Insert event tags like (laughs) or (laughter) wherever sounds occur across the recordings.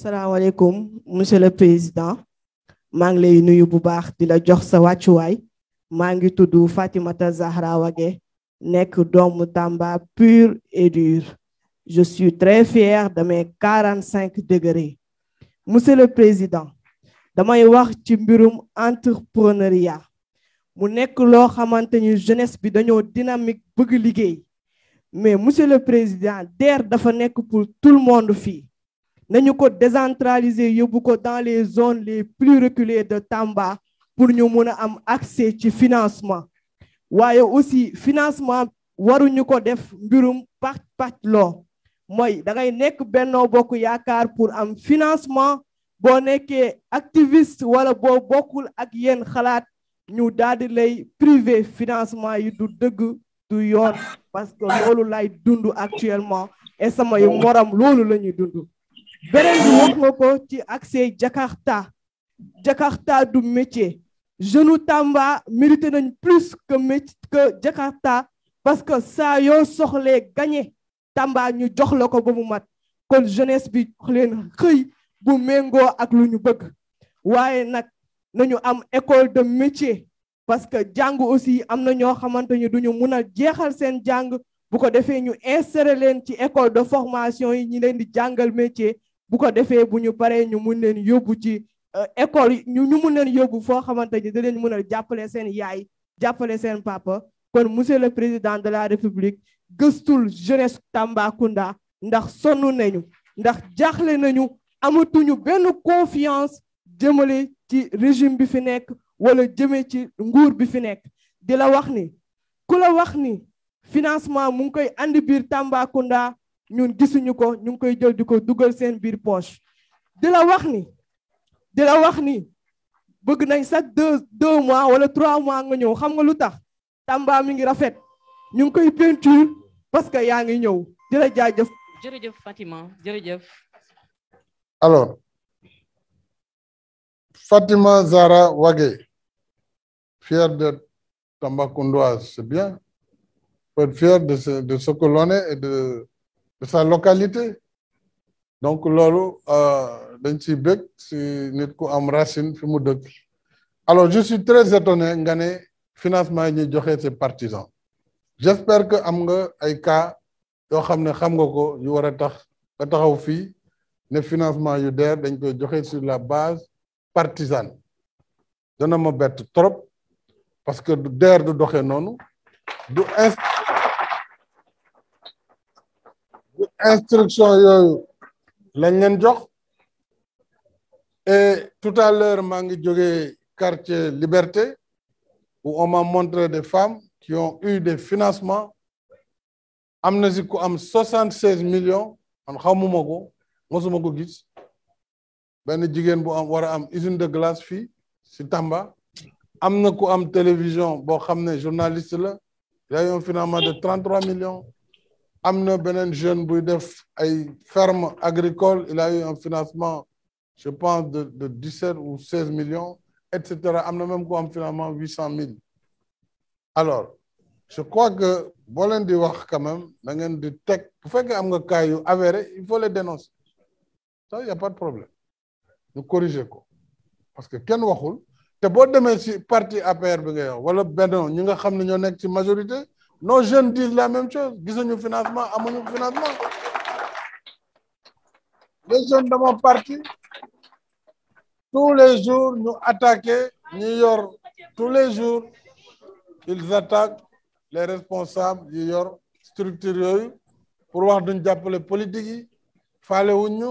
salaamaaleykum monsieur le président maa ngi lay nuyu bu baax di la jox sa wàccuwaay maa ngi tudd Fatimata Zahra Wagué nekk doom Tamba pur et dur je suis très fier de quarante cinq degrés monsieur le président damay wax ci mbirum entrepreneuriat mu nekk loo xamante ni jeunesse bi dañoo dynamique bëgg liggéey mais monsieur le président DER dafa nekk pour tout le monde fii nañu ko décentraliser yóbbu ko dans les zones les plus reculées de Tamba pour ñu mun a am accès ci financement waaye aussi financement waruñu ko def mbirum pàcc pàcc loo mooy da ngay nekk Benno Bokk Yaakaar pour am financement boo nekkee activiste wala bo bokkul ak yéen xalaat ñu daal di lay privé financement yi du dëgg du yoon parce que loolu lay dund actuellement et sama yu morom loolu la ñuy dund beneen bi wax ko ci accès Jakarta Jakarta du métier jeune Tamba mérité nañ plus que métier que Jakarta parce que saa yoo soxlee gagné Tamba ñu jox la ko ba mu mat kon jeunesse bi jox leen xëy bu méngoo ak lu ñu bëgg waaye nag nañu am école de métier parce que jàng aussi am na ñoo xamante ni duñu mun a jeexal seen jàng bu ko defee ñu insérer leen ci école de formation yi ñi leen di jàngal métier bu ko defee bu ñu paree ñu mun leen yóbbu ci euh, école ñu ñu mun leen yóbbu foo xamante ni da leen mun a jàppale seen yaay jàppale seen papa kon monsieur le président de la république gëstul jeunesse Tambacounda ndax sonn nañu ndax jaaxle nañu amatuñu benn confiance jëmale ci régime bi fi nekk wala jëme ci nguur bi fi nekk di la wax ni ku la wax ni financement mu ngi koy andi Tambacounda ñun gisuñu ko ñu ngi koy jël di ko dugal seen biir poche di la wax ni di la wax ni bëgg nañ chaque deux deux mois wala trois mois nga ñëw xam nga lu tax Tamba mi ngi rafet ñu ngi koy peinture parce que yaa ngi ñëw di la jaajëf jërëjëf Fatima jërëjëf alors Fatima Zara Wagué fière de Tambacoundoise c'est bien peut être fière de ce de ce de sa localité donc loolu euh, dañ ciy bëgg si nit ku am racine fi mu dëkk alors je suis très étonné nga ne financement yi ñuy joxe c'est partisan j'espère que am nga ay cas yoo xam ne xam nga ko yu war a tax nga taxaw fii ne financement yu DER dañ koy joxe sur la base partisane dana ma bett trop parce que du DER du doxe noonu du instruction yooyu lañ leen jox et tout à l'heure maa ngi jógee quartier Liberté où on montré des femmes qui ont eu des financements am na si ku am soixante seize millions man xamuma ko mosuma ko gis benn jigéen bu am war a am usine de glace fii si Tamba am na ku am télévision boo xam ne journaliste la yay a financement de trente trois millions am na beneen jeune buy def ay ferme agricole il a un financement je pense de de dix sept ou seize millions et am na même ku am financement huit cent mille alors je crois que boo leen di wax quand même da ngeen di teg bu fekkee am nga kayu yu avéré il faut les dénoncer ça y a pas de problème ñu corriger ko parce que kenn waxul te boo demee si parti APR bi nga yow wala Benno ñi nga xam ne ñoo nekk ci majorité Nos jeunes disent la même chose. Gisuñu financement, amuñu financement. Les jeunes de parti, tous les jours, nous attaquer ñu yor tous les jours, ils attaquent les responsables yu yor structure yooyu pour wax duñ jàppale politique fale faale wuñu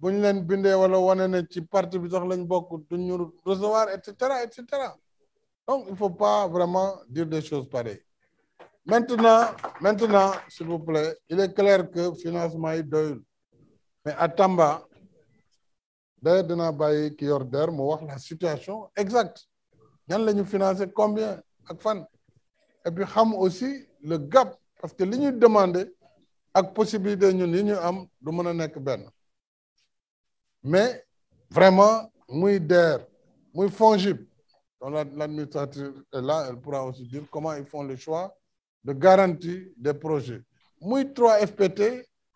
bu ñu leen bindee wala wane ne ci parti bi sax lañ bokk duñu recevoir et cetera et cetera donc il faut pas vraiment dire des choses pareilles maintenant maintenant s'il vous plaît il est clair que financement yi doyul mais à Tamba d'ailleurs dinaa bàyyi ki yor mu wax la situation exacte ñan la ñu financer combien ak fan et puis xam aussi le gap parce que li ñuy demandé ak possibilité ñun yi ñu am du mën a nekk benn mais vraiment muy DER muy FONGIP donc l'administrateur est là elle pourra aussi dire comment ils font le choix de garantie des projets. muy 3 FPT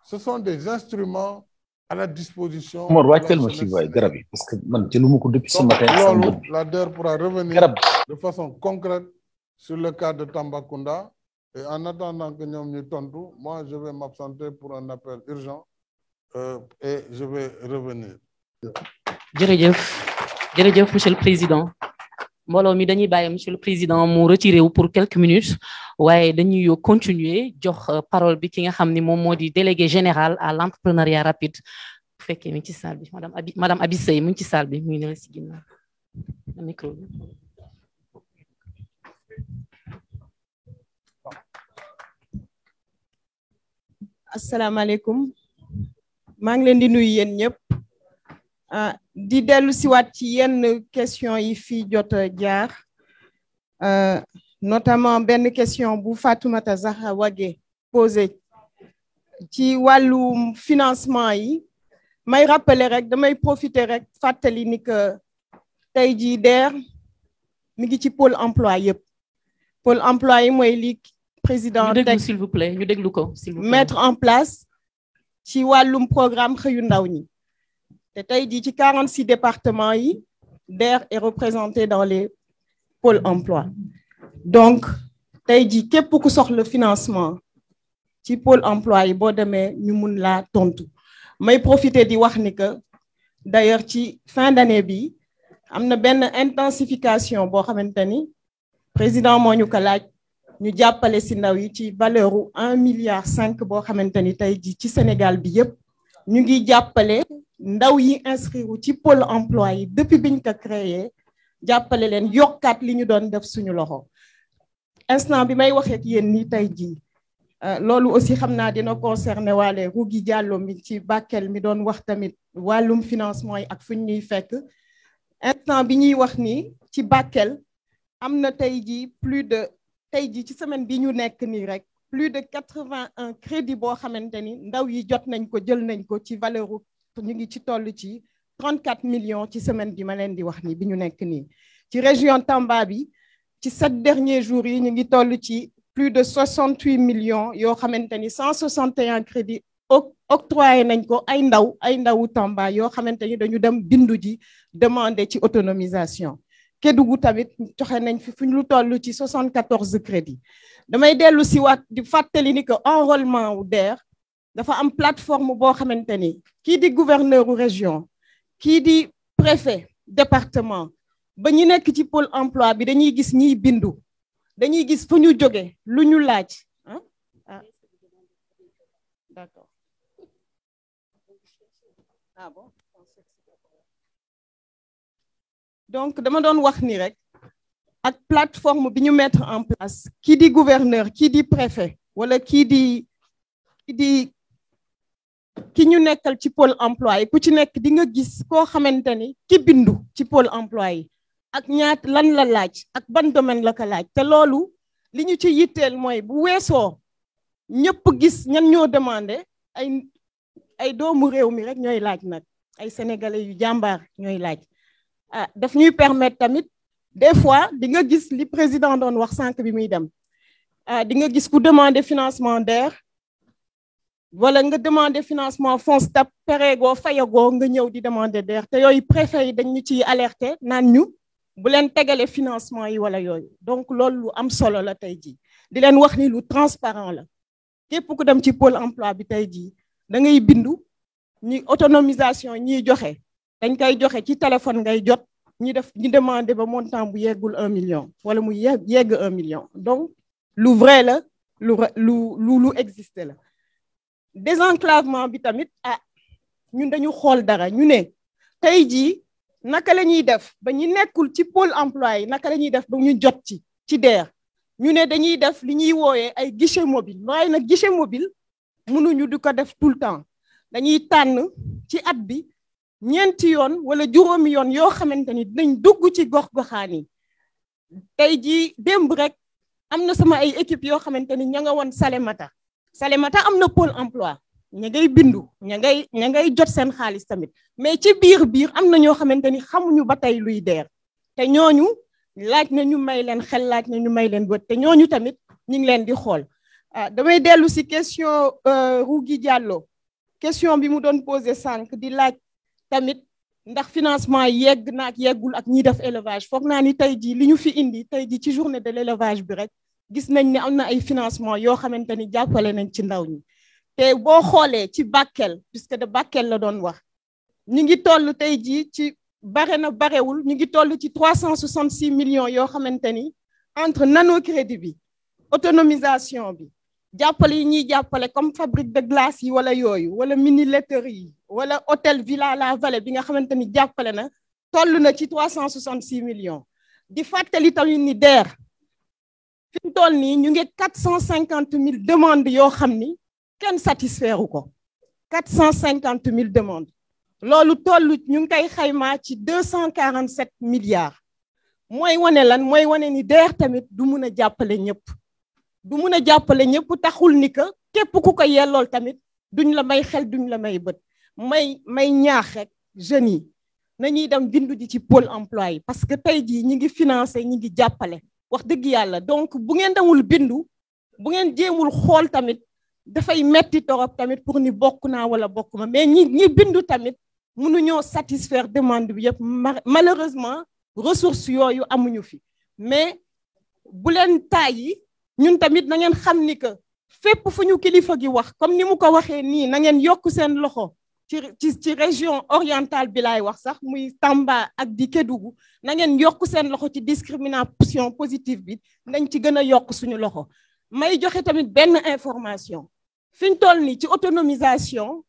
ce sont des instruments à la disposition. Omar wàccal ma ci waay parce que man jëluma ko depuis ce matin. loolu la DER pourra de façon concrète sur le cas de Tambacounda et en attendant que ñoom ñu tontu moi je vais m'absenter pour un appel urgent euh, et je vais revenir. jërëjëf jërëjëf monsieur le président. mbooloo mi dañuy bàyyi monsieur le président mu retiré wu pour quelques minutes waaye dañuy continuer jox euh, parole bi ki nga xam ni moom moo di délégué général à l' entrepreneuriat rapide bu fekkee mi ngi ci salle bi madame Abi madame Abi Seye mu ngi ci salle bi mu ngi si ginnaaw micro maa ngi leen di nuyu yéen ñëpp. Euh, di dellu siwaat ci yenn question yi fii jot jaar euh, notamment benn question bu Fatoumata Zahra wage pose ci wàllu financement yi may rappeler rek damay profiter rek fàttali ni que tey jii DER mi ngi ci pôle emploi yëpp pôle emploi yi mooy li président teg s'il vous ñu déglu ko s'il mettre en place ci wàllum programme xëyu ndaw ñi tey jii ci quarante 46 départements yi DER est représenté dans les pôles emploi donc tey jii képp ku soxla financement ci pôle emploi yi boo demee ñu mun laa tontu may profiter di wax ni que d'ailleurs ci fin d'année bi am na benn intensification boo xamante ni président mooñu ñu laaj ñu jàppale si ndaw yi ci valeur u un milliard boo xamante ni tey jii ci Sénégal bi yépp ñu ngi jàppale ndaw yi inscrire ci pôle emploi yi depuis biñ ko créé jàppale leen yokkaat li ñu doon def suñu loxo instant bi may waxee ak yéen nii tey jii euh, loolu aussi xam naa dina concerné waale Rougui jàlloo mi ci Bakel mi doon wax tamit wàllum financement yi ak fuñ ñuy fekk instant bi ñuy wax ni ci Bakel am na tey jii plus de tey jii ci semaine bi ñu nekk nii rek plus de quatre-vingt-un crédit boo xamante ni ndaw yi jot nañ ko jël nañ ko ci valeur ñu ngi ci toll ci 34 millions ci semaine bi ma leen di wax nii bi ñu nekk nii ci région Tamba bi ci sept derniers jours yi ñu ngi toll ci plus de 68 millions yoo xamante ni 161 crédits octroyé nañ ko ay ndaw ay ndawu Tamba yoo xamante ni dañu dem bindu ji demander ci autonomisation Kédougou tamit toxe nañ fi fu lu toll ci 74 crédits damay dellu si waat di fàttali ni que enrôlement wu DER dafa am plateforme boo xamante ni kii di gouverneur u région kii di préfet département ba ñu nekk ci pôle emploi bi dañuy gis ñiy bindu dañuy gis fu ñu jóge lu ñu laaj ah, ah. d'accord ah donc dama doon wax ni rek ak plateforme bi ñu mettre en place kii di gouverneur kii di préfet wala kii di di ki ñu nekkal ci pôle emploi yi ku ci nekk di nga gis koo xamante ni ki bindu ci pôle emploi yi ak ñaat lan la laaj ak ban domaine la ko laaj te loolu li ñu ci yitteel mooy bu weesoo ñëpp gis ñan ñoo demande ay ay doomu réew mi rek ñooy laaj nag ay sénégalais yu jàmbaar ñooy laaj ah daf ñuy permettre tamit des fois di nga gis li président doon wax sànq bi muy dem ah nga gis ku demande financement DER wala nga demander financement fonds tab pereegoo fayagoo nga ñëw di demander DER te yooyu préfet yi dañu ciy alerter naan ñu bu leen tegale financement yi wala yooyu donc loolu lu am solo la tey ji di leen wax ni lu transparent la képp ku dem ci pôle emploi bi tey jii da ngay bindu ñi autonomisation ñiy joxe dañ koy joxe ci téléphone ngay jot ñi def ñi demander ba montant bu yegul un million wala mu yeg yegg un million donc lu vrai la lu lu lu existe la désenclavement bi tamit ah ñun dañu xool dara ñu ne tey jii naka la ñuy def ba ñu nekkul ci pôle emploi yi naka lañuy def ba ñu jot ci ci DER ñu ne dañuy def li ñuy wooyee ay guichet mobile waaye nag guichet mobile mënuñu di ko def tout le temps dañuy tànn ci at bi ñeenti yoon wala juróomi yoon yoo xamante ni dinañ dugg ci gox-goxaan yi tey jii démb rek am na sama ay équipe yoo xamante ni ña nga woon Salemata Salémata am na pôle emploi ña ngay bindu ña ngay ngay jot seen xaalis tamit mais ci biir biir am na ñoo xamante ni xamuñu ba tey luy deer te ñooñu laaj na ñu may leen xel laaj na ñu may leen bët te ñooñu tamit ñu ngi leen di xool a ah, damay dellu si question euh, Rougui Diallo question bi mu doon posé sànq di laaj tamit ndax financement yegg na ak yeggul ak ñiy def élevage foog naa ni tey jii li ñu fi indi tey jii ci journée de l'élevage bi rek gis nañ ni am na ay financement yoo xamante ni jàppale nañ ci ndaw ñi te boo xoolee ci Bakel puisque de Bakel la doon wax ñu ngi toll tey jii ci bare na barewul ñu ngi toll ci trois cent soixante six millions yoo xamante ni entre nano crédit bi autonomisation bi jàppale yi ñuy jàppale comme fabrique de glace yi wala yooyu wala mini laiterie yi wala hôtel Villa la Vallée bi nga xamante ni jàppale na toll na ci trois cent soixante six millions di fàttali tamit ni DER toll nii ñu ngi quatre cent cinquante mille demandes yoo xam ni kenn satisfaire ko quatre cent cinquante mille demandes loolu toll ñu ngi kay xayma ci deux cent quarante sept milliards mooy wane lan mooy wane ni DER tamit du mun a jàppale ñëpp du mun a jàppale ñëpp taxul ni que képp ku ko yellool tamit duñ la may xel duñ la may bët may may ñaax rek jeunes yi nañuy dem bindu ji ci pôle emploie yi parce que tey jii ñi ngi financé ñi ngi jàppale wax dëgg yàlla donc bu ngeen demul bindu bu ngeen jéemul xool tamit dafay metti torop tamit pour ni bokk naa wala bokk ma mais ñi ñi bindu tamit mënuñoo satisfaire demande bi yëpp malheureusement ressources yooyu amuñu fi mais buleen leen tàyyi ñun tamit na ngeen xam ni que fépp fu ñu kilifa gi wax comme ni mu ko waxee nii na ngeen yokk seen loxo ci ci ci région orientale bi laay wax sax muy Tamba ak di Kédougou na ngeen yokk seen loxo ci discrimination positive bi nañ ci gën a yokk suñu loxo may joxe tamit benn information fi ñu toll nii ci autonomisation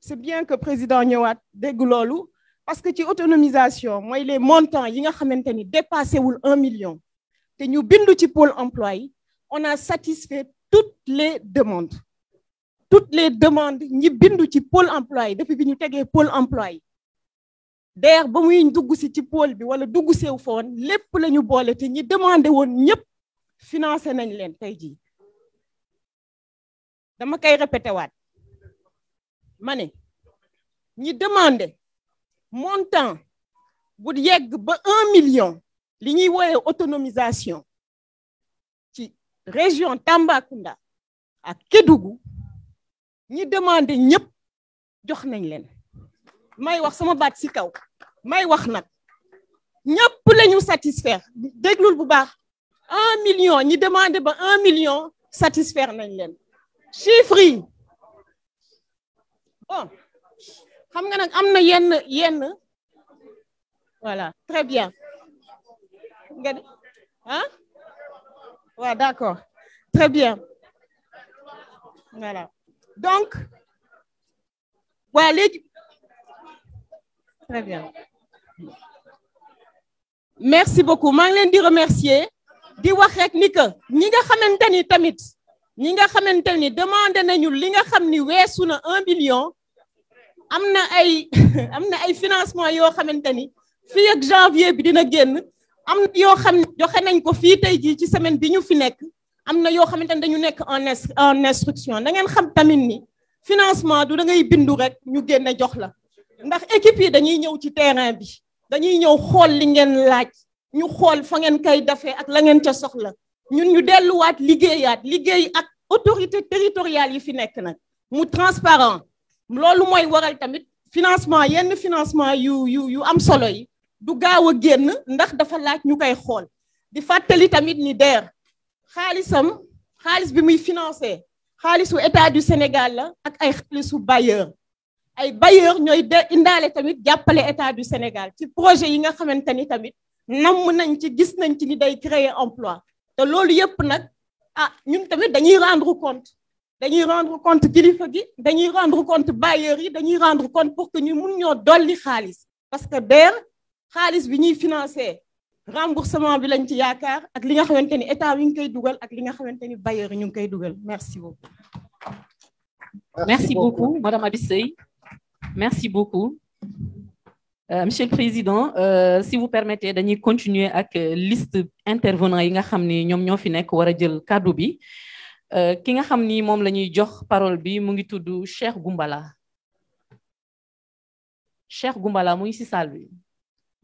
c'est bien que président ñëwaat dégg loolu parce que ci autonomisation mooy les montants yi nga xamante ni dépassé wul un million te ñu bindu ci pôle emploi yi on a satisfait toutes les demandes toutes les demandes ñi bindu ci pôle emploi yi depuis bi ñu tegee pôle emploi yi DER ba muy dugg ci pôle bi wala dugg sew foon lépp la ñu boole te ñi demandé woon ñëpp financé nañ leen tey jii dama koy répété waat ma ne ñi demandé montant bu yegg ba un million li ñuy woowee autonomisation ci région Tambacounda ak Kédougou ñi demandé ñëpp jox nañ leen may wax sama baat si kaw may wax nag ñëpp lañu ñu satisfaire déglul bu baax un million ñi demandé ba un million satisfaire nañ leen chiffre bon oh, xam nga nag am na yenn yenn voilà très bien nga ah waaw d'accord très bien voilà donc waa léegi très bien merci beaucoup maa ngi leen di remercier di wax rek ni que ñi nga xamante ni tamit ñi nga xamante ni demandé nañu li nga xam ni weesu na un million am na ay (laughs) am na ay financement yoo xamante ni fii ak janvier bi dina génn am na yoo xam ne joxe nañ ko fii tey jii ci semaine bi ñu fi nekk am na yoo xamante ne dañu nekk en en instruction na ngeen xam tamit ni financement du da ngay bindu rek ñu génne jox la ndax équipe yi dañuy ñëw ci terrain bi dañuy ñëw xool li ngeen laaj ñu xool fa ngeen koy defee ak la ngeen ca soxla ñun ñu delluwaat liggéeyaat liggéey ak autorité territoriale yi fi nekk nag mu transparent loolu mooy waral tamit financement yenn financement yu yu yu am solo yi du gaaw a génn ndax dafa laaj ñu koy xool di fàttali tamit ni DER xaalisam xaalis bi muy financé xaalisu état du Sénégal la ak ay xaalisu bailleur ay bailleur ñooy de indaale tamit jàppale état du Sénégal ci projet yi nga xamante ni tamit namm nañ ci gis nañ ci ni day créer emploi te loolu yëpp nag ah ñun tamit dañuy rendre compte dañuy rendre compte kilifa gi dañuy rendre compte bailleurs yi dañuy rendre compte pour que ñu mun ñoo dolli xaalis parce que DER xaalis bi ñuy financer remboursement bi lañ ci yaakaar ak li nga xamante ni état wi ngi koy dugal ak li nga xamante ni bailleur ñu ngi koy dugal merci beaucoup. merci beaucoup madame Abi merci beaucoup. Euh, monsieur président euh, si vous permettez dañuy continuer ak euh, liste intervenant yi nga xam ni ñoom ñoo fi nekk war a jël kàddu bi euh, ki nga xam ni moom la ñuy jox parole bi mu ngi tudd Cheikh Goumbala Cheikh Goumbala mu ngi ci sal bi.